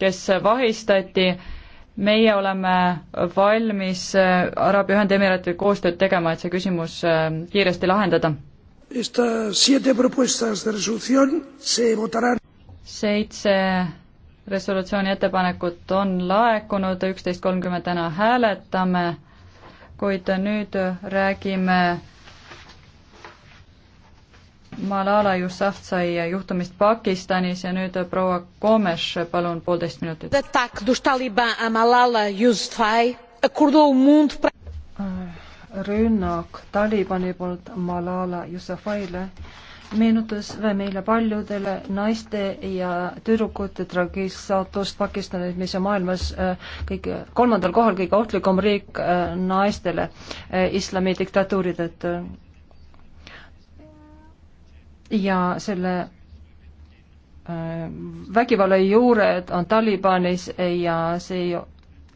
kes vahistati. meie oleme valmis äh, Araabia Ühendemiratidega koostööd tegema, et see küsimus äh, kiiresti lahendada. seitse resolutsiooni ettepanekut on laekunud, üksteist kolmkümmend täna hääletame, kuid nüüd räägime Malala Yousafzai juhtumist Pakistanis ja nüüd proua Gomes, palun poolteist minutit. Ah, rünnak Talibani poolt Malala Yousafzaile meenutas meile paljudele naiste ja tüdrukute tragilist saatust Pakistanis, mis on maailmas eh, kõige, kolmandal kohal kõige ohtlikum riik eh, naistele eh, islami diktatuuri tõttu ja selle äh, vägivalla juured on Talibanis ja see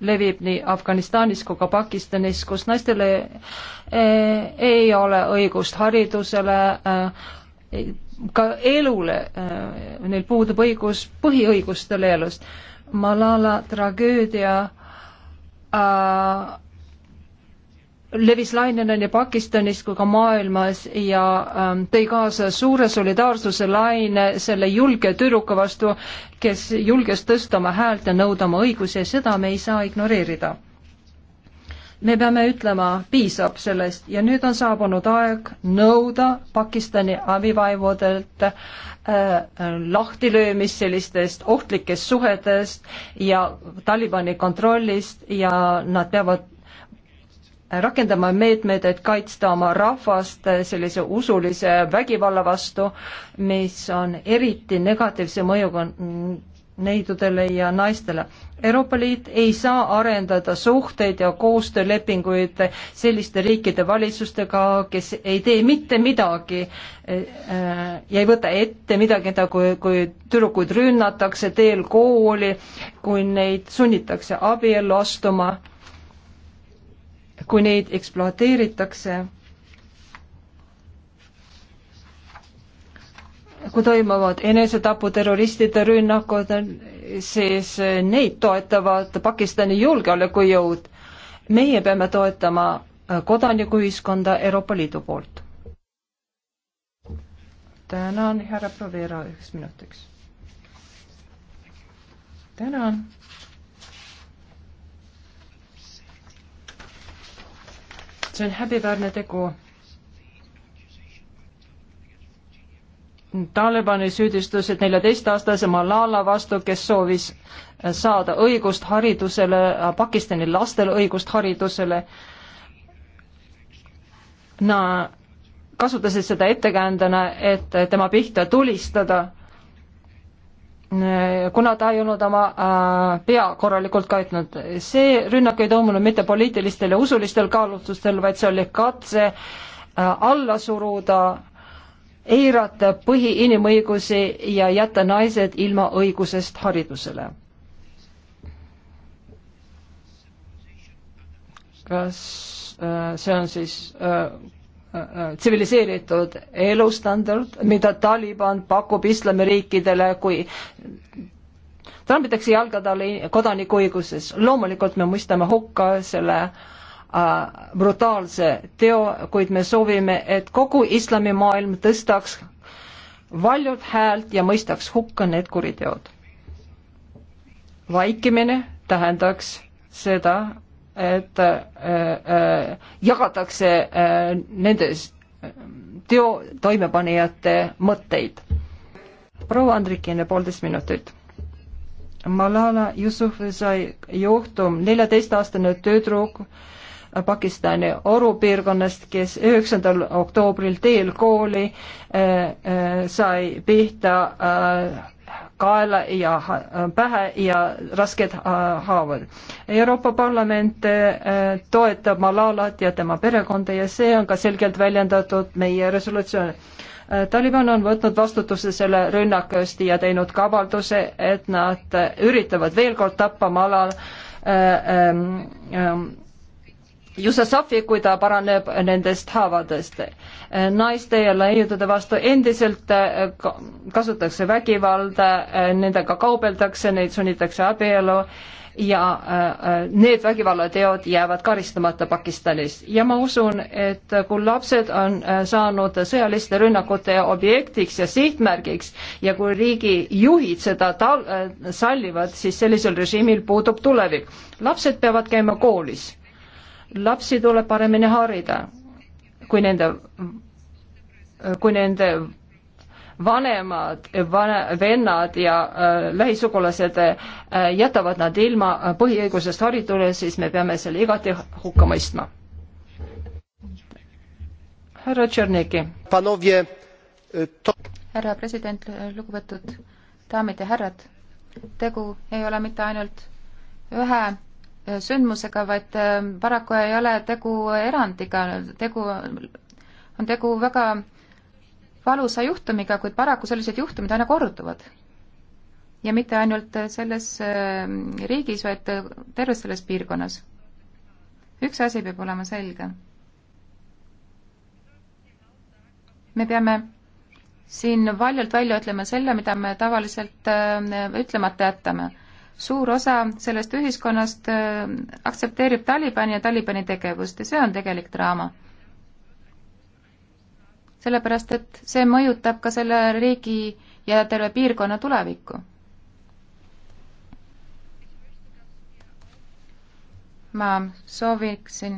levib nii Afganistanis kui ka Pakistanis, kus naistele äh, ei ole õigust haridusele, äh, ka elule, neil puudub õigus põhiõigustele elust. Malala tragöödia levis lainena nii Pakistanis kui ka maailmas ja ähm, tõi kaasa suure solidaarsuse laine selle julge tüdruku vastu, kes julges tõsta oma häält ja nõuda oma õigusi ja seda me ei saa ignoreerida. me peame ütlema, piisab sellest ja nüüd on saabunud aeg nõuda Pakistani abivaevudelt äh, lahtilöömist sellistest ohtlikest suhetest ja Talibani kontrollist ja nad peavad rakendama meetmeid, et kaitsta oma rahvast sellise usulise vägivalla vastu, mis on eriti negatiivse mõjuga neidudele ja naistele. Euroopa Liit ei saa arendada suhteid ja koostöölepinguid selliste riikide valitsustega, kes ei tee mitte midagi eh, ja ei võta ette midagi, kui, kui tüdrukuid rünnatakse teel kooli, kui neid sunnitakse abiellu astuma kui neid ekspluateeritakse, kui toimuvad enesetapu terroristide rünnakud, siis neid toetavad Pakistani julgeolekujõud. meie peame toetama kodanikuühiskonda Euroopa Liidu poolt. tänan, härra Provera, üheks minutiks. tänan see on häbiväärne tegu. Talibani süüdistused neljateistaastase Malala vastu, kes soovis äh, saada õigust haridusele, äh, Pakistani lastele õigust haridusele. Nad kasutasid seda ettekäändena, et äh, tema pihta tulistada kuna ta ei olnud oma äh, pea korralikult kaitnud. see rünnak ei toimunud mitte poliitilistel ja usulistel kaalutlustel, vaid see oli katse äh, alla suruda, eirata põhiinimõigusi ja jätta naised ilma õigusest haridusele. kas äh, see on siis tsiviliseeritud elustandard, mida Taliban pakub islamiriikidele, kui trambitakse jalga talle kodanikuõiguses. loomulikult me mõistame hukka selle äh, brutaalse teo, kuid me soovime, et kogu islamimaailm tõstaks valjult häält ja mõistaks hukka need kuriteod. vaikimine tähendaks seda, et äh, äh, jagatakse äh, nendes äh, teo toimepanijate mõtteid. proua Andrikine, poolteist minutit. Malala Yusufzai juhtum, neljateistaastane tüdruk Pakistani orupiirkonnast, kes üheksandal oktoobril teel kooli äh, äh, sai pihta äh, kaela ja pähe ja rasked äh, haavad. Euroopa Parlament äh, toetab Malalat ja tema perekonda ja see on ka selgelt väljendatud meie resolutsioonil. Äh, Taliban on võtnud vastutuse selle rünnaku eest ja teinud ka avalduse, et nad üritavad veel kord tappa Malal äh, äh, äh, Jusasafi, kui ta paraneb nendest haavadest. naiste ja laiutade vastu endiselt äh, kasutatakse vägivalda, äh, nendega kaubeldakse, neid sunnitakse abielu ja äh, need vägivallateod jäävad karistamata Pakistanis. ja ma usun, et kui lapsed on saanud sõjaliste rünnakute objektiks ja sihtmärgiks ja kui riigijuhid seda tal-, sallivad, siis sellisel režiimil puudub tulevik. lapsed peavad käima koolis lapsi tuleb paremini harida, kui nende, kui nende vanemad, vane-, vennad ja äh, lähisugulased äh, jätavad nad ilma põhiõigusest haritule, siis me peame selle igati hukka mõistma. härra Tšerniki. härra president, lugupeetud daamid ja härrad, tegu ei ole mitte ainult ühe sündmusega, vaid ähm, paraku ei ole tegu erandiga, tegu, on tegu väga valusa juhtumiga, kuid paraku sellised juhtumid aina korduvad. ja mitte ainult selles ähm, riigis, vaid äh, terves selles piirkonnas. üks asi peab olema selge. me peame siin valjult välja ütlema selle, mida me tavaliselt ähm, ütlemata jätame suur osa sellest ühiskonnast äh, aktsepteerib Talibani ja Talibani tegevust ja see on tegelik draama. sellepärast, et see mõjutab ka selle riigi ja terve piirkonna tulevikku. ma sooviksin,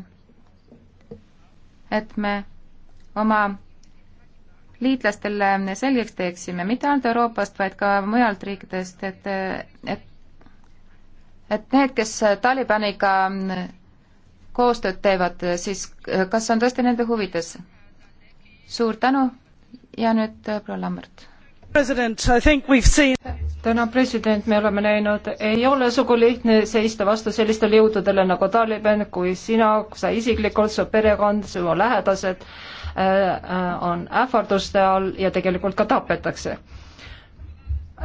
et me oma liitlastele selgeks teeksime, mitte ainult Euroopast, vaid ka mujalt riikidest, et, et et need, kes Talibaniga koostööd teevad, siis kas on tõesti nende huvides? suur tänu ja nüüd äh, proua Lammert. Seen... täna president, me oleme näinud, ei ole sugu lihtne seista vastu sellistele jõududele nagu Taliban, kui sina, sa isiklikult, su perekond, sinu lähedased äh, äh, on ähvarduste all ja tegelikult ka tapetakse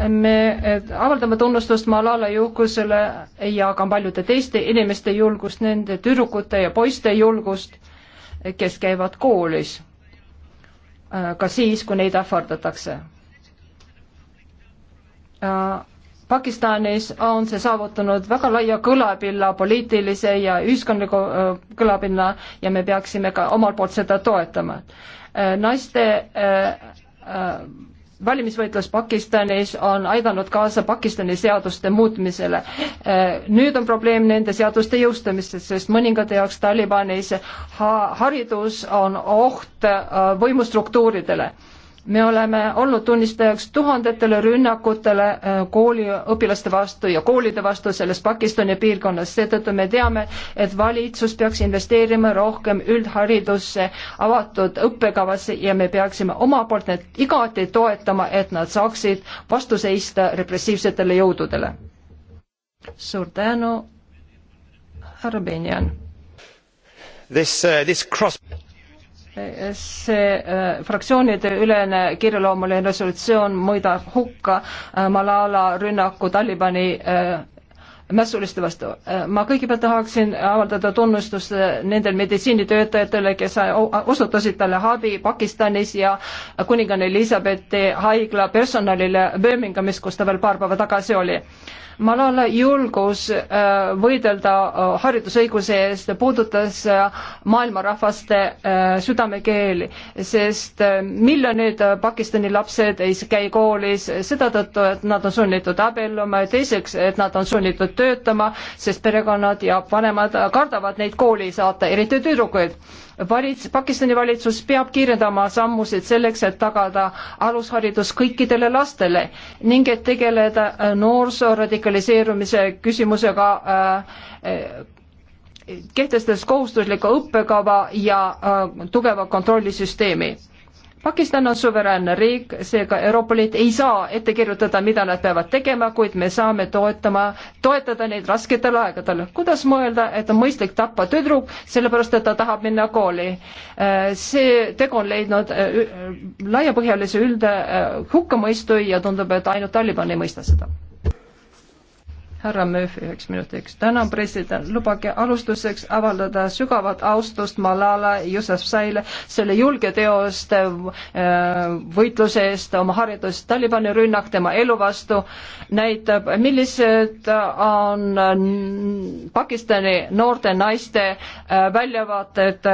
me avaldame tunnustust Malala julgusele ja ka paljude teiste inimeste julgust, nende tüdrukute ja poiste julgust, kes käivad koolis. Äh, ka siis, kui neid ähvardatakse. Äh, Pakistanis on see saavutanud väga laia kõlapilla, poliitilise ja ühiskondliku äh, kõlapinna ja me peaksime ka omalt poolt seda toetama. naiste valimisvõitlus Pakistanis on aidanud kaasa Pakistani seaduste muutmisele. Äh, nüüd on probleem nende seaduste jõustamisest, sest mõningate jaoks Talibanis ha haridus on oht äh, võimustruktuuridele me oleme olnud tunnistajaks tuhandetele rünnakutele äh, kooliõpilaste vastu ja koolide vastu selles Pakistani piirkonnas, seetõttu me teame, et valitsus peaks investeerima rohkem üldharidusse, avatud õppekavasse ja me peaksime oma poolt need igati toetama, et nad saaksid vastu seista repressiivsetele jõududele. suur tänu, härra Benjan. This uh,, this cross see äh, fraktsioonide ülene kirjaloomuline resolutsioon mõõdab hukka äh, Malala rünnaku Talibani äh, mässuliste vastu. Äh, ma kõigepealt tahaksin avaldada tunnustust äh, nendele meditsiinitöötajatele, kes äh, osutasid talle abi Pakistanis ja kuninganna Elizabethi haigla personalile Birminghamis, kus ta veel paar päeva tagasi oli. Malala julgus võidelda haridusõiguse eest puudutas maailma rahvaste südamekeeli, sest miljonid Pakistani lapsed ei käi koolis seda tõttu, et nad on sunnitud abielluma ja teiseks, et nad on sunnitud töötama, sest perekonnad ja vanemad kardavad neid kooli saata, eriti tüdrukuid. valits-, Pakistani valitsus peab kiirendama sammusid selleks, et tagada alusharidus kõikidele lastele ning et tegeleda äh, noorsoo radikaliseerumise küsimusega äh, äh, kehtestades kohustusliku õppekava ja äh, tugeva kontrollisüsteemi Pakistan on suveräänne riik, seega Euroopa Liit ei saa ette kirjutada, mida nad peavad tegema, kuid me saame toetama, toetada neid rasketel aegadel. kuidas mõelda, et on mõistlik tappa tüdruk, sellepärast et ta tahab minna kooli? Äh, see tegu on leidnud äh, laiapõhjalise ülde äh, hukkamõistu ja tundub, et ainult Taliban ei mõista seda härra Murphy üheks minutiks. tänan, president, lubage alustuseks avaldada sügavat austust Malala Yousafzaile selle julge teo eest, äh, võitluse eest, oma haridust, Talibani rünnak tema elu vastu näitab, millised on äh, Pakistani noorte naiste äh, väljavaated,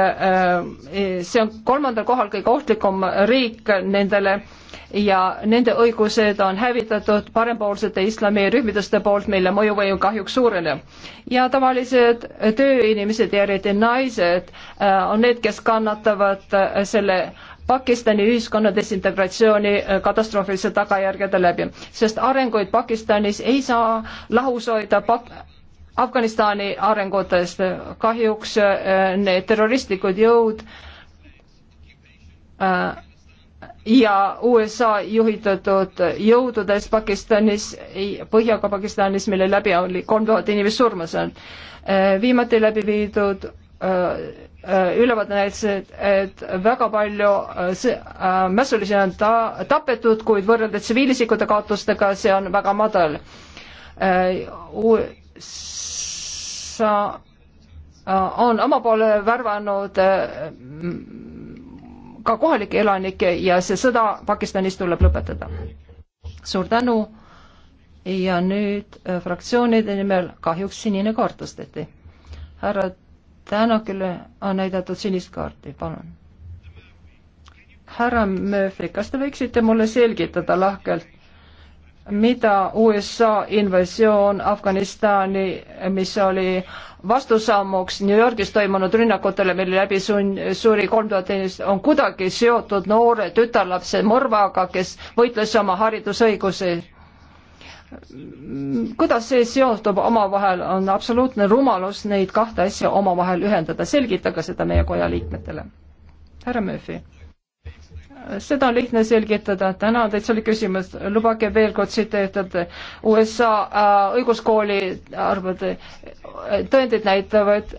see on kolmandal kohal kõige ohtlikum riik nendele äh, ja nende õigused on hävitatud parempoolsete islamirühmituste poolt, mille mõjuvõim kahjuks suureneb. ja tavalised tööinimesed ja eriti naised äh, on need, kes kannatavad äh, selle Pakistani ühiskonna desintegratsiooni äh, katastroofilise tagajärgede läbi, sest arenguid Pakistanis ei saa lahus hoida pak-, Afganistani arengutest, kahjuks need terroristlikud jõud äh, ja USA juhitatud jõududes Pakistanis, põhjaga Pakistanis, mille läbi oli kolm tuhat inimest surma saanud. viimati läbi viidud äh, äh, ülevaade näitas, et, et väga palju äh, mässulisi on ta-, tapetud, kuid võrreldes tsiviilisikute kaotustega see on väga madal. USA on oma poole värvanud ka kohalikke elanikke ja see sõda Pakistanis tuleb lõpetada. suur tänu ja nüüd äh, fraktsioonide nimel kahjuks sinine kaart tõsteti. härra Tänakile on näidatud sinist kaarti, palun. härra Murphy, kas te võiksite mulle selgitada lahkelt, mida USA invasioon Afganistani, mis oli vastusammuks New Yorgis toimunud rünnakutele, mille läbi sun-, suri kolm tuhat inimest, on kuidagi seotud noore tütarlapse mõrvaga, kes võitles oma haridusõiguse. kuidas see seostub omavahel, on absoluutne rumalus neid kahte asja omavahel ühendada, selgitage seda meie koja liikmetele. härra Murphy seda on lihtne selgitada, tänan teid selle küsimuse, lubage veel kord tsiteerida USA äh, õiguskooli arvete, tõendid näitavad,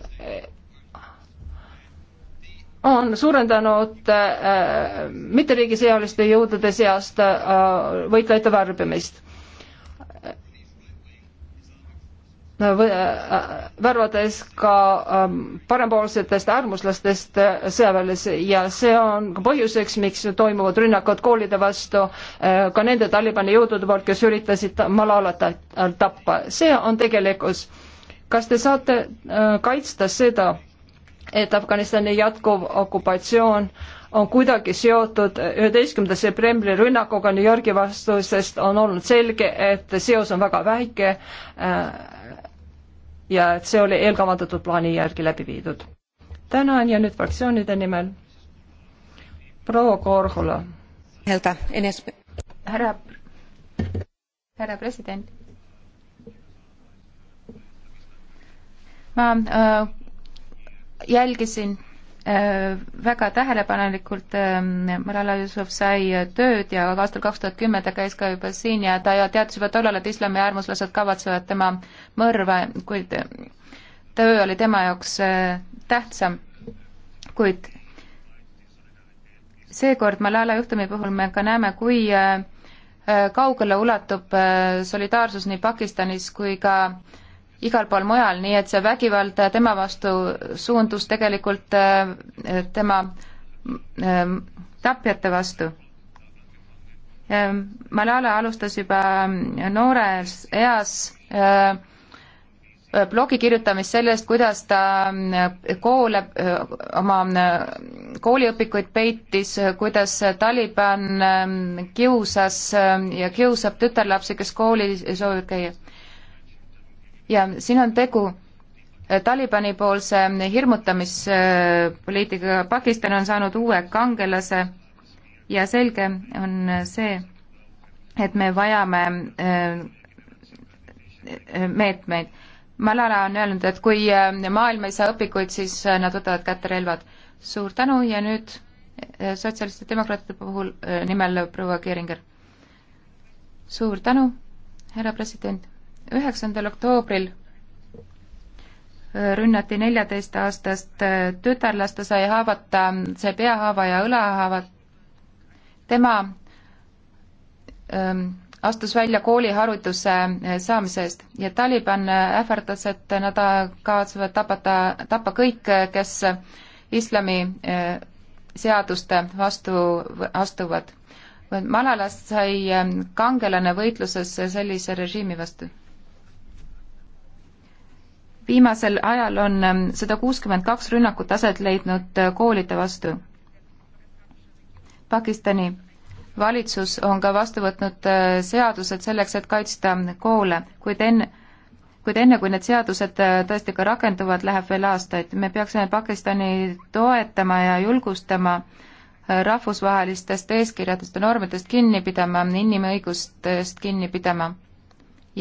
on suurendanud äh, mitteriigisealiste jõudude seast äh, võitlejate tarbimist Äh, äh, värvates ka ähm, parempoolsetest äärmuslastest äh, sõjaväelasi ja see on ka põhjuseks, miks toimuvad rünnakud koolide vastu ka nende Talibani jõudude poolt, kes üritasid Malalat tappa. see on tegelikkus. kas te saate kaitsta seda, et Afganistani jätkuv okupatsioon on kuidagi seotud üheteistkümnenda septembri rünnakuga New Yorgi vastu, sest on olnud selge, et seos on väga väike äh, ja et see oli eelkavandatud plaani järgi läbi viidud. tänan ja nüüd fraktsioonide nimel proua Korhola. härra, härra president. ma äh, jälgisin Äh, väga tähelepanelikult ähm, Malala Yusuf sai tööd ja aastal kaks tuhat kümme ta käis ka juba siin ja ta teadis juba tollal, et islami äärmuslased kavatsevad tema mõrva, kuid töö oli tema jaoks äh, tähtsam. kuid seekord Malala juhtumi puhul me ka näeme, kui äh, kaugele ulatub solidaarsus nii Pakistanis kui ka äh, igal pool mujal, nii et see vägivald äh, tema vastu suundus tegelikult äh, tema ähm, tapjate vastu. Ähm, Malala alustas juba ähm, noores eas äh, blogi kirjutamist sellest, kuidas ta koole, oma kooliõpikuid peitis, kuidas Taliban kiusas ja kiusab tütarlapsi, kes kooli soovivad käia ja siin on tegu eh, Talibani poolse eh, hirmutamispoliitikaga, Pakistan on saanud uue kangelase ja selge on eh, see, et me vajame meetmeid. Malala on öelnud, et kui maailm ei saa õpikuid, siis nad võtavad kätte relvad. suur tänu ja nüüd sotsialistide demokraatide puhul nimel proua Keringer. suur tänu, härra president üheksandal oktoobril rünnati neljateistaastast tütarlast, ta sai haavata, sai peahaava ja õlahaava. tema ähm, astus välja kooliharjutuse äh, saamise eest ja Taliban äh, ähvardas, et nad äh, kavatsevad tapata, tappa kõik, kes islami seaduste vastu astuvad. Malalas sai kangelane võitluses sellise režiimi vastu viimasel ajal on ähm, sada kuuskümmend kaks rünnakut aset leidnud äh, koolide vastu. Pakistani valitsus on ka vastu võtnud äh, seadused selleks, et kaitsta koole, kuid enne, kuid enne, kui need seadused äh, tõesti ka rakenduvad, läheb veel aastaid. me peaksime Pakistani toetama ja julgustama rahvusvahelistest eeskirjadest ja normidest kinni pidama, inimõigustest kinni pidama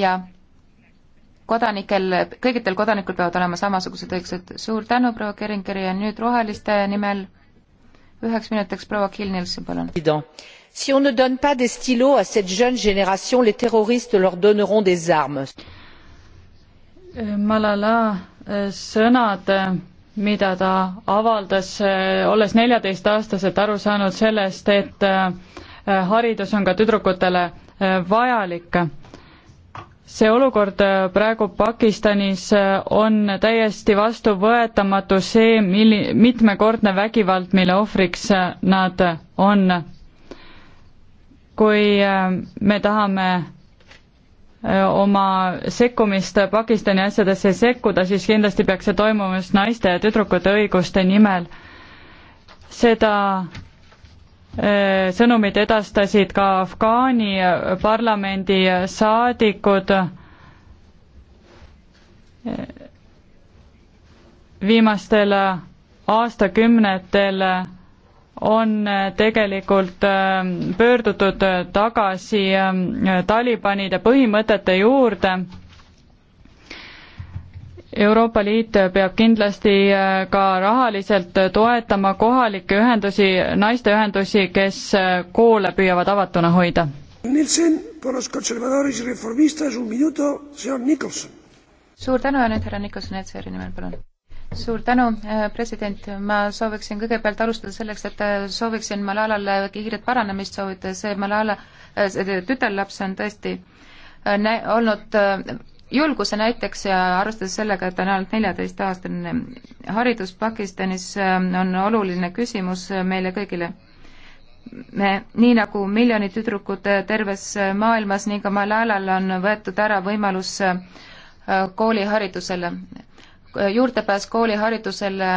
ja kodanikel, kõigitel kodanikel peavad olema samasugused õigused. suur tänu, proua Keringeri ja nüüd Roheliste nimel üheks minutiks proua Kill-Nielsen, palun. Si on ne donne pas des stylos à cette jeune génération, les terroristes leur donneront des armes. Malala äh, sõnad, äh, mida ta avaldas, äh, olles neljateistaastaselt aru saanud sellest, et haridus on ka tüdrukutele vajalik see olukord äh, praegu Pakistanis äh, on täiesti vastuvõetamatu, see milli-, mitmekordne vägivald, mille ohvriks äh, nad on. kui me tahame oma sekkumist Pakistani asjadesse sekkuda, siis kindlasti peaks see toimuma just naiste ja tüdrukute õiguste nimel. seda Äh, sõnumid edastasid ka Afgaani parlamendi saadikud. Äh, viimastel aastakümnetel on tegelikult äh, pöördutud tagasi Talibanide põhimõtete juurde Euroopa Liit peab kindlasti äh, ka rahaliselt toetama kohalikke ühendusi, naisteühendusi, kes äh, koole püüavad avatuna hoida. suur tänu ja nüüd härra Nicholson ECR-i nimel, palun. suur tänu, äh, president, ma sooviksin kõigepealt alustada selleks, et sooviksin Malalale kiiret paranemist soovida, see Malala, see tütarlaps on tõesti olnud julguse näiteks ja arvestades sellega, et ta on ainult neljateistaastane, haridus Pakistanis on oluline küsimus meile kõigile. me, nii nagu miljonid tüdrukud terves maailmas, nii ka Malalal on võetud ära võimalus äh, kooliharidusele. juurdepääs kooliharidusele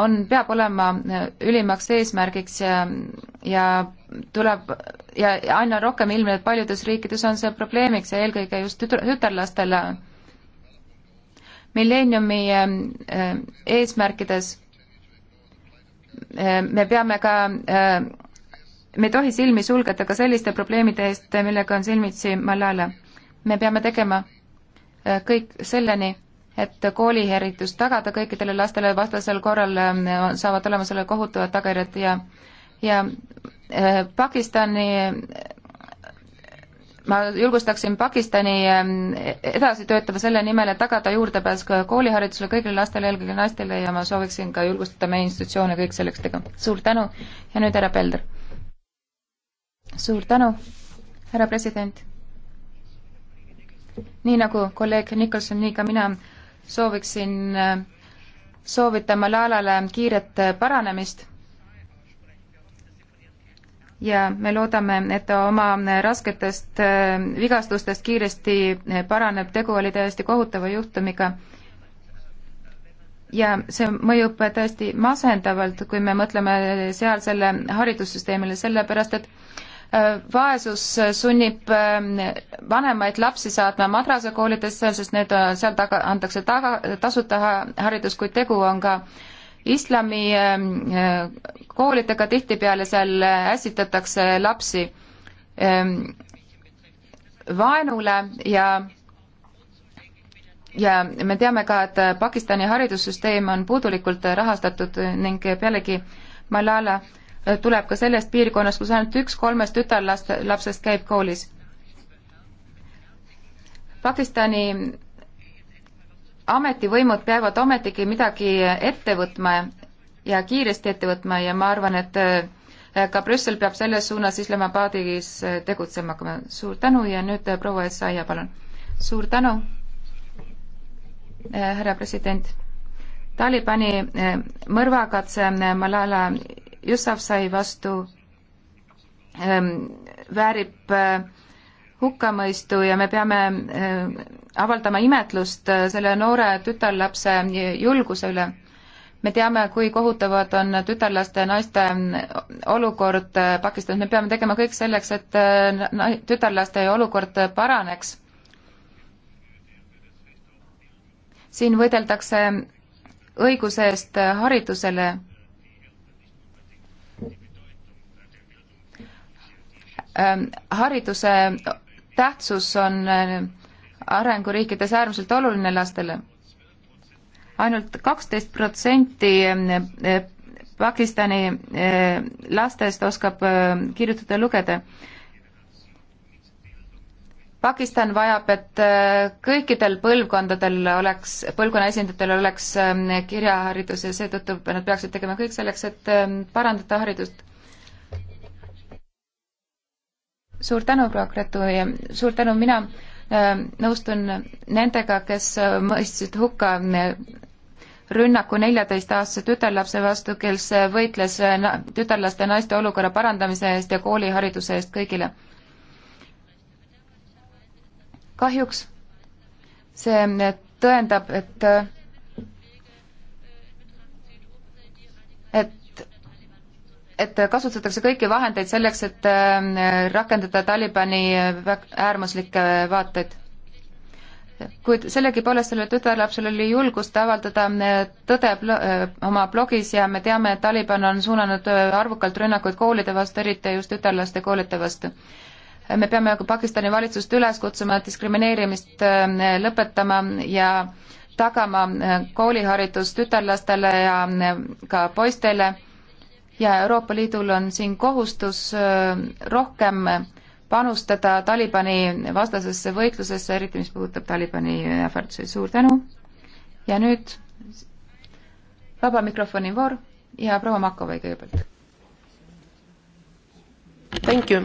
on, peab olema äh, ülimaks eesmärgiks ja, ja tuleb ja aina rohkem ilmneb, et paljudes riikides on see probleemiks ja eelkõige just tütar, tütarlastele. milleeniumi ähm, äh, eesmärkides äh, me peame ka, äh, me ei tohi silmi sulgeda ka selliste probleemide eest, millega on silmitsi Malala. me peame tegema kõik selleni, et kooliheritus tagada kõikidele lastele, vastasel korral ähm, saavad olema selle kohutavad tagajärjed ja ja äh, Pakistani ma julgustaksin Pakistani äh, edasi töötama selle nimel, et tagada juurdepääs kooliharidusele kõigile lastele, eelkõige naistele ja ma sooviksin ka julgustada meie institutsioone kõik selleks tegema. suur tänu ja nüüd härra Pelder. suur tänu, härra president. nii nagu kolleeg Nikolson, nii ka mina sooviksin äh, soovitama Laalale kiiret paranemist ja me loodame, et ta oma rasketest äh, vigastustest kiiresti äh, paraneb, tegu oli täiesti kohutava juhtumiga. ja see mõjub tõesti masendavalt, kui me mõtleme sealsele haridussüsteemile, sellepärast et äh, vaesus sunnib vanemaid lapsi saatma madrasakoolidesse, sest need, seal taga, antakse taga, tasuta haridus, kuid tegu on ka äh, islami ähm, äh, koolidega tihtipeale seal ässitatakse lapsi ähm, vaenule ja ja me teame ka, et Pakistani haridussüsteem on puudulikult rahastatud ning pealegi Malala äh, tuleb ka sellest piirkonnast, kus ainult üks kolmest tütarlast, lapsest käib koolis. Pakistani ametivõimud peavad ometigi midagi ette võtma ja kiiresti ette võtma ja ma arvan, et äh, ka Brüssel peab selles suunas Islamabadis äh, tegutsema hakkama. suur tänu ja nüüd äh, proua Essaia, palun. suur tänu, härra president. Talibani mõrvakatse Malala Yousafzai vastu ähm, väärib hukkamõistu ja me peame äh, avaldama imetlust äh, selle noore tütarlapse julguse üle. me teame, kui kohutavad on tütarlaste ja naiste äh, olukord Pakistanis, me peame tegema kõik selleks, et tütarlaste olukord paraneks. siin võideldakse õiguse eest haridusele ähm, hariduse tähtsus on äh, arenguriikides äärmiselt oluline lastele ainult. ainult kaksteist protsenti äh, Pakistani äh, lastest oskab kirjutada ja lugeda. Pakistan vajab, et kõikidel põlvkondadel oleks, põlvkonna esindajatel oleks ähm, kirjaharidus ja seetõttu nad peaksid tegema kõik selleks, et ähm, parandada haridust suur tänu, proua Gretu ja suur tänu, mina äh, nõustun nendega, kes mõistsid hukka äh, rünnaku neljateistaastase tütarlapse vastu, kes võitles äh, tütarlaste ja naiste olukorra parandamise eest ja koolihariduse eest kõigile. kahjuks see tõendab, et et et kasutatakse kõiki vahendeid selleks, et äh, rakendada Talibani äärmuslikke vaateid. kuid sellegipoolest sellel tütarlapsel oli julgust avaldada äh, tõde äh, oma blogis ja me teame, et Taliban on suunanud arvukalt rünnakuid koolide vastu, eriti just tütarlaste koolide vastu me peame ka Pakistani valitsust üles kutsuma diskrimineerimist lõpetama ja tagama kooliharidus tütarlastele ja ka poistele ja Euroopa Liidul on siin kohustus äh, rohkem panustada Talibani vastasesse võitlusesse, eriti mis puudutab Talibani ähvardusi. suur tänu ja nüüd vaba mikrofoni voor ja proua Makovai kõigepealt. Thank you.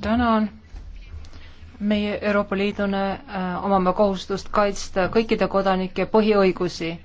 tänan meie Euroopa Liiduna äh, omame kohustust kaitsta kõikide kodanike põhiõigusi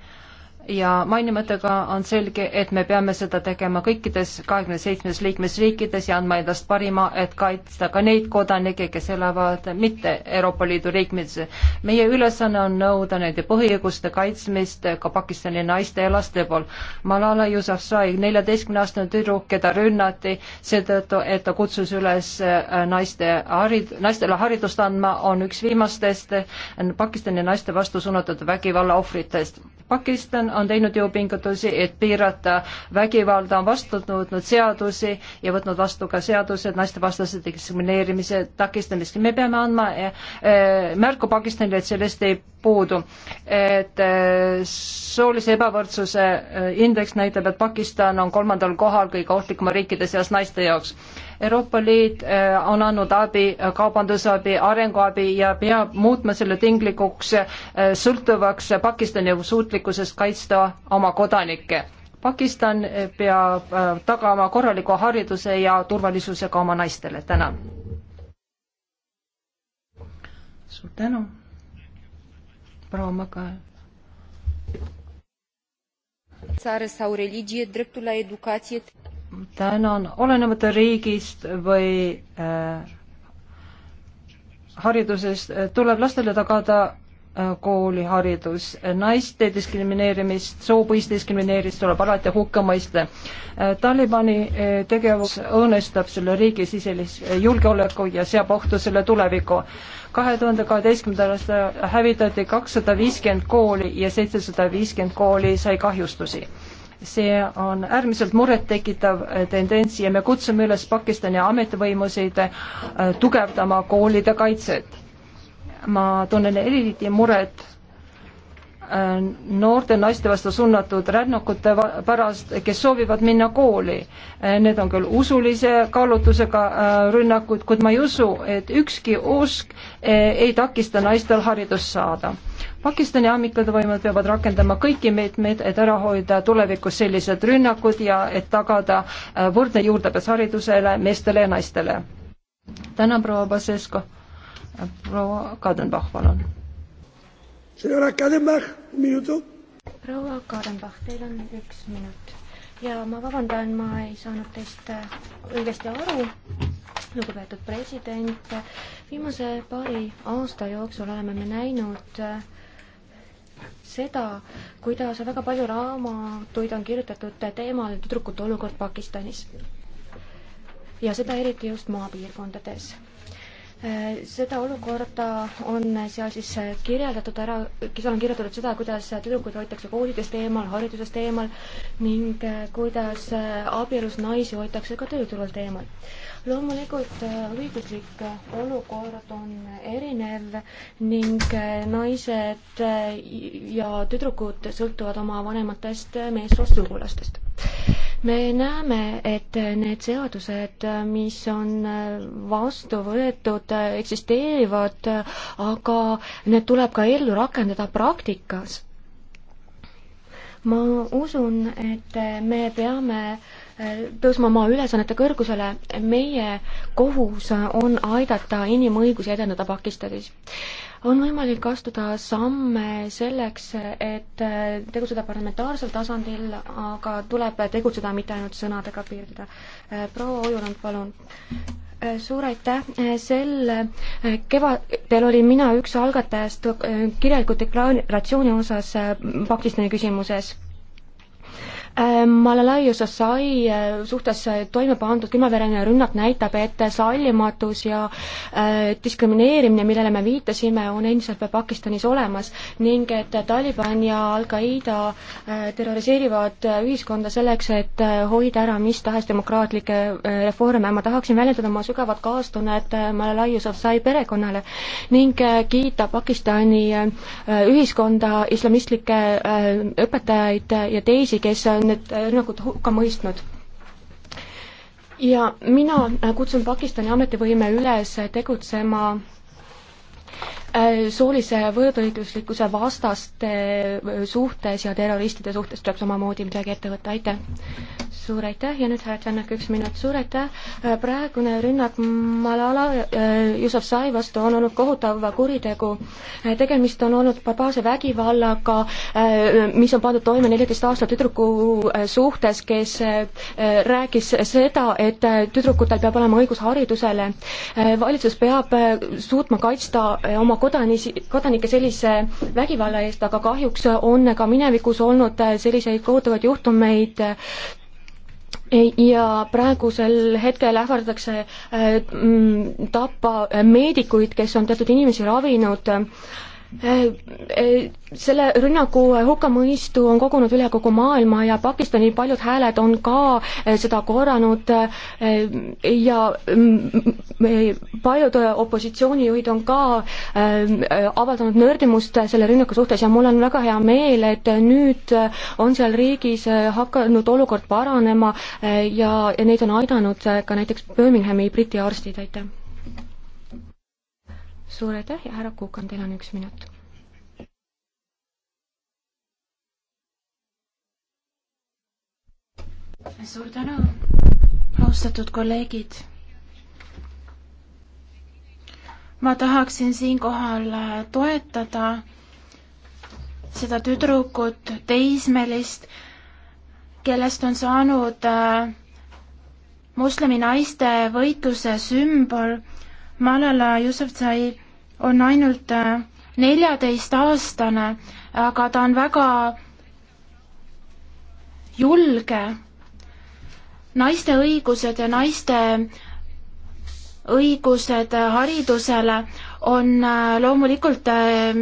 ja mainimõttega on selge, et me peame seda tegema kõikides kahekümne seitsmes liikmesriikides ja andma endast parima, et kaitsta ka neid kodanikke, kes elavad mitte Euroopa Liidu liikmes. meie ülesanne on nõuda nende põhiõiguste kaitsmist ka Pakistani naiste ja laste pool. Malala Yousafzai, neljateistkümneaastane tüdruk, keda rünnati seetõttu, et ta kutsus üles äh, naiste harid-, naistele haridust andma, on üks viimastest äh, Pakistani naiste vastu suunatud vägivalla ohvritest. Pakistan on teinud jõupingutusi, et piirata vägivalda, on vastu võtnud seadusi ja võtnud vastu ka seadused naistevastase diskrimineerimise takistamiseks. me peame andma eh, eh, märku Pakistanile, et sellest ei puudu. et eh, soolise ebavõrdsuse indeks näitab, et Pakistan on kolmandal kohal kõige ohtlikuma riikide seas naiste jaoks Euroopa Liit äh, on andnud abi, äh, kaubandusabi, arenguabi ja peab muutma selle tinglikuks äh, sõltuvaks Pakistani suutlikkusest kaitsta oma kodanikke. Pakistan peab tagama korraliku hariduse ja turvalisuse ka oma naistele, tänan. suur tänu, proua Makaev țară sau religie dreptul la educație tänan, olenemata riigist või äh, haridusest äh, tuleb lastele tagada äh, kooliharidus. naiste diskrimineerimist, soopõhist diskrimineerimist tuleb alati hukka mõista äh,. Talibani äh, tegevus õõnestab selle riigi siselist äh, julgeoleku ja seab ohtu selle tuleviku. kahe tuhande kaheteistkümnendal aastal hävitati kakssada viiskümmend kooli ja seitsesada viiskümmend kooli sai kahjustusi see on äärmiselt murettekitav äh, tendents ja me kutsume üles Pakistani ametivõimusid äh, tugevdama koolide kaitset. ma tunnen eriti muret Äh, noorte naiste vastu suunatud rännakute pärast, kes soovivad minna kooli. Äh, need on küll usulise kaalutlusega äh, rünnakud, kuid ma ei usu, et ükski usk ei takista naistel haridust saada. Pakistani ametkonnavõimud peavad rakendama kõiki meetmeid, et ära hoida tulevikus sellised rünnakud ja et tagada võrdne juurdepääs haridusele meestele ja naistele. tänan, proua Basesko. proua Kadenbach, palun proua Kadenbach, teil on üks minut ja ma vabandan, ma ei saanud teist äh, õigesti aru lugupeetud president, viimase paari aasta jooksul oleme me näinud äh, seda, kuidas väga palju raamatuid on kirjutatud teemal tüdrukute olukord Pakistanis. ja seda eriti just maapiirkondades seda olukorda on seal siis kirjeldatud ära, seal on kirjeldatud seda, kuidas tüdrukuid hoitakse koolidest eemal, haridusest eemal ning kuidas abielus naisi hoitakse ka tööturult eemal. loomulikult äh, õiguslik olukord on erinev ning äh, naised äh, ja tüdrukud sõltuvad oma vanematest meessoost sugulastest me näeme, et need seadused, mis on vastu võetud, eksisteerivad, aga need tuleb ka ellu rakendada praktikas. ma usun, et me peame tõusma oma ülesannete kõrgusele, meie kohus on aidata inimõigusi edendada Pakistanis on võimalik astuda samme selleks, et äh, tegutseda parlamentaarsel tasandil, aga tuleb tegutseda mitte ainult sõnadega piirduda. Äh, proua Ojuland, palun. Äh, suur aitäh, sel kevadel olin mina üks algatajast kirjaliku deklaratsiooni osas Pakistani küsimuses Ehm, Malalai Yousafzai eh, suhtes eh, toime pandud külmavereline rünnak näitab, et eh, sallimatus ja diskrimineerimine, millele me viitasime, on endiselt veel Pakistanis olemas ning et Taliban ja Al-Qaeda terroriseerivad ühiskonda selleks, et hoida ära mis tahes demokraatlikke reforme. ma tahaksin väljendada oma sügavat kaastunnet Malalai Yousafzai perekonnale ning kiita Pakistani ühiskonda, islamistlike õpetajaid ja teisi, kes need äh, rünnakud hukka mõistnud ja mina äh, kutsun Pakistani ametivõime üles tegutsema Äh, soolise võrdõiguslikkuse vastaste äh, suhtes ja terroristide suhtes tuleb samamoodi midagi ette võtta, aitäh! suur aitäh ja nüüd härra Tšannak, üks minut, suur aitäh! Äh, praegune rünnak Malala Yousafzai vastu on olnud kohutav kuritegu. tegemist on olnud barbaarse vägivallaga, mis on pandud toime neljateist aasta tüdruku suhtes, kes rääkis seda, et tüdrukutel peab olema õigus haridusele. valitsus peab suutma kaitsta oma kodanis, kodanikke sellise vägivalla eest, aga kahjuks on ka minevikus olnud äh, selliseid kohutavaid juhtumeid ja praegusel hetkel ähvardatakse äh, mm, tappa meedikuid, kes on teatud inimesi ravinud Äh, äh, selle rünnaku hukkamõistu on kogunud üle kogu maailma ja Pakistani paljud hääled on ka äh, seda korranud ja paljud opositsioonijuhid on ka avaldanud nördimust selle rünnaku suhtes ja mul on väga hea meel, et nüüd on seal riigis hakanud olukord paranema ja, ja neid on aidanud ka näiteks Birminghami briti arstid, aitäh! suur aitäh ja härra Kukan, teil on üks minut. suur tänu, austatud kolleegid. ma tahaksin siinkohal toetada seda tüdrukut, teismelist, kellest on saanud äh, moslemi naiste võitluse sümbol Malala Yousafzai on ainult äh, neljateistaastane, aga ta on väga julge. naiste õigused ja naiste õigused haridusele on äh, loomulikult äh,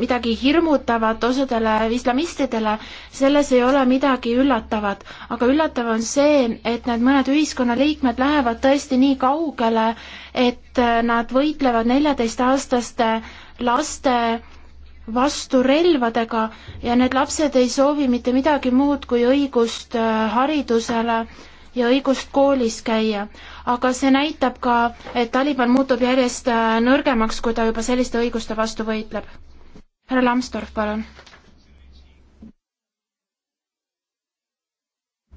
midagi hirmutavat osadele islamistidele, selles ei ole midagi üllatavat. aga üllatav on see, et need mõned ühiskonnaliikmed lähevad tõesti nii kaugele, et äh, nad võitlevad neljateistaastaste laste vastu relvadega ja need lapsed ei soovi mitte midagi muud kui õigust haridusele ja õigust koolis käia aga see näitab ka, et Taliban muutub järjest äh, nõrgemaks, kui ta juba selliste õiguste vastu võitleb. härra Lambsdorff, palun.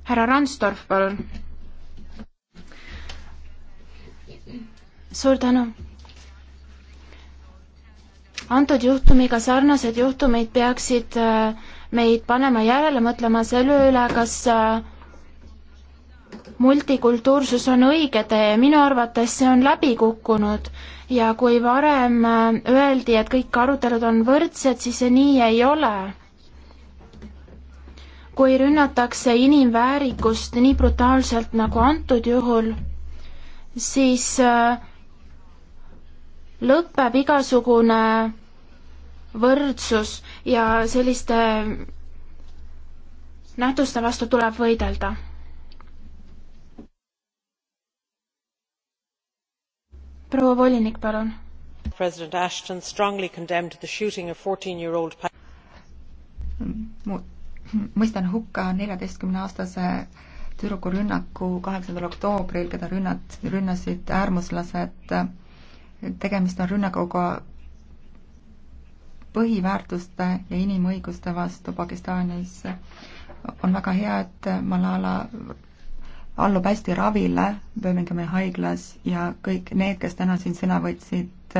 härra Randstorff, palun. suur tänu. antud juhtumiga sarnased juhtumid peaksid äh, meid panema järele mõtlema selle üle, kas äh, multikultuursus on õige tee, minu arvates see on läbi kukkunud ja kui varem äh, öeldi, et kõik arutelud on võrdsed, siis see nii ei ole. kui rünnatakse inimväärikust nii brutaalselt nagu antud juhul, siis äh, lõpeb igasugune võrdsus ja selliste nähtuste vastu tuleb võidelda proua volinik, palun. president Ashton strongly condemned the shooting of fourteen year old mõistan hukka neljateistkümne aastase tüdruku rünnaku kaheksandal oktoobril, keda rünnat, rünnasid äärmuslased. tegemist on rünnakuga põhiväärtuste ja inimõiguste vastu Pakistanis. on väga hea, et Malala allub hästi ravile Birminghami haiglas ja kõik need, kes täna siin sõna võtsid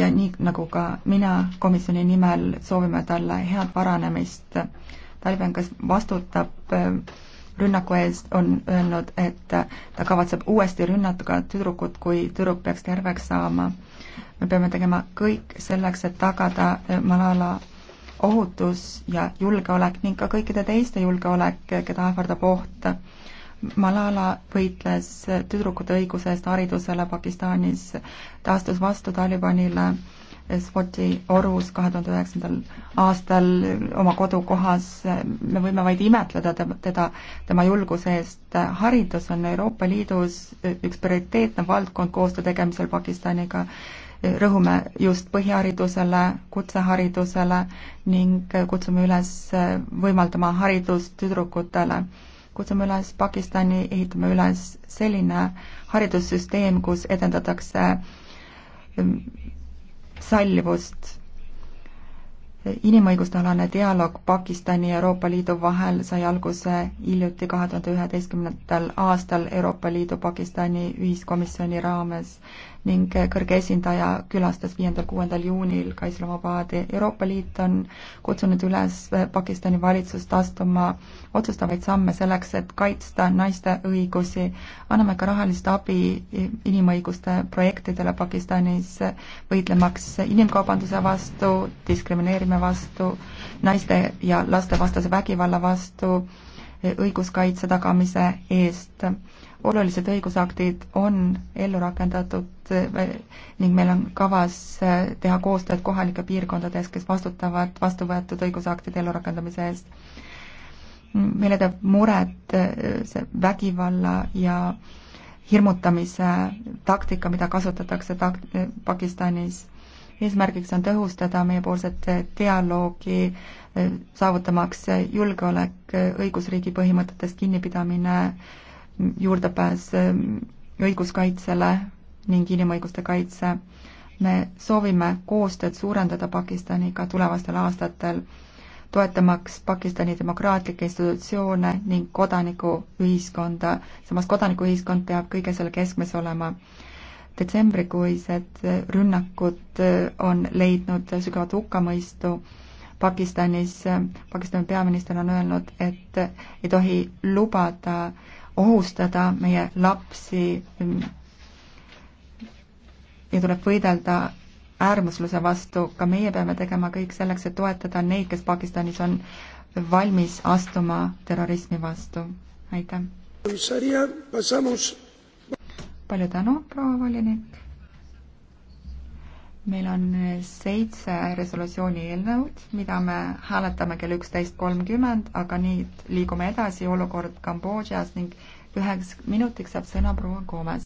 ja nii nagu ka mina komisjoni nimel soovime talle head paranemist. Talven, kes vastutab äh, rünnaku eest, on öelnud, et ta kavatseb uuesti rünnata tüdrukut, kui tüdruk peaks terveks saama. me peame tegema kõik selleks, et tagada äh, Malala ohutus ja julgeolek ning ka kõikide teiste julgeolek, keda ähvardab oht. Malala võitles tüdrukute õiguse eest haridusele Pakistanis, ta astus vastu Talibanile Swati orus kahe tuhande üheksandal aastal oma kodukohas, me võime vaid imetleda teda, tema julguse eest. haridus on Euroopa Liidus üks prioriteetne valdkond koostöö tegemisel Pakistaniga, rõhume just põhiharidusele, kutseharidusele ning kutsume üles võimaldama haridust tüdrukutele kutsume üles Pakistani, ehitame üles selline haridussüsteem, kus edendatakse ehm, sallivust. inimõiguste alane dialoog Pakistani ja Euroopa Liidu vahel sai alguse hiljuti kahe tuhande üheteistkümnendal aastal Euroopa Liidu Pakistani ühiskomisjoni raames ning kõrge esindaja külastas viiendal, kuuendal juunil ka Islamabadi. Euroopa Liit on kutsunud üles Pakistani valitsust astuma otsustavaid samme selleks, et kaitsta naiste õigusi. anname ka rahalist abi inimõiguste projektidele Pakistanis, võitlemaks inimkaubanduse vastu, diskrimineerimise vastu, naiste ja lastevastase vägivalla vastu, õiguskaitse tagamise eest olulised õigusaktid on ellu rakendatud eh, ning meil on kavas eh, teha koostööd kohalike piirkondades, kes vastutavad vastu võetud õigusaktide ellurakendamise eest. meile teeb muret eh, see vägivalla ja hirmutamise taktika, mida kasutatakse tak-, Pakistanis. eesmärgiks on tõhustada meiepoolset dialoogi, saavutamaks julgeolek, õigusriigi põhimõtetest kinnipidamine, juurdepääs ähm, õiguskaitsele ning inimõiguste kaitse. me soovime koostööd suurendada Pakistaniga tulevastel aastatel, toetamaks Pakistani demokraatlikke institutsioone ning kodanikuühiskonda. samas kodanikuühiskond peab kõige selle keskmes olema. detsembrikuised rünnakud äh, on leidnud sügavat hukkamõistu Pakistanis, äh, Pakistani peaminister on öelnud, et ei tohi lubada ohustada meie lapsi ja tuleb võidelda äärmusluse vastu, ka meie peame tegema kõik selleks, et toetada neid, kes Pakistanis on valmis astuma terrorismi vastu. aitäh! palju tänu, proua volinik! meil on seitse resolutsiooni eelnõud, mida me hääletame kell üksteist kolmkümmend, aga nüüd liigume edasi, olukord Kambodžas ning üheks minutiks saab sõna proua Gomes.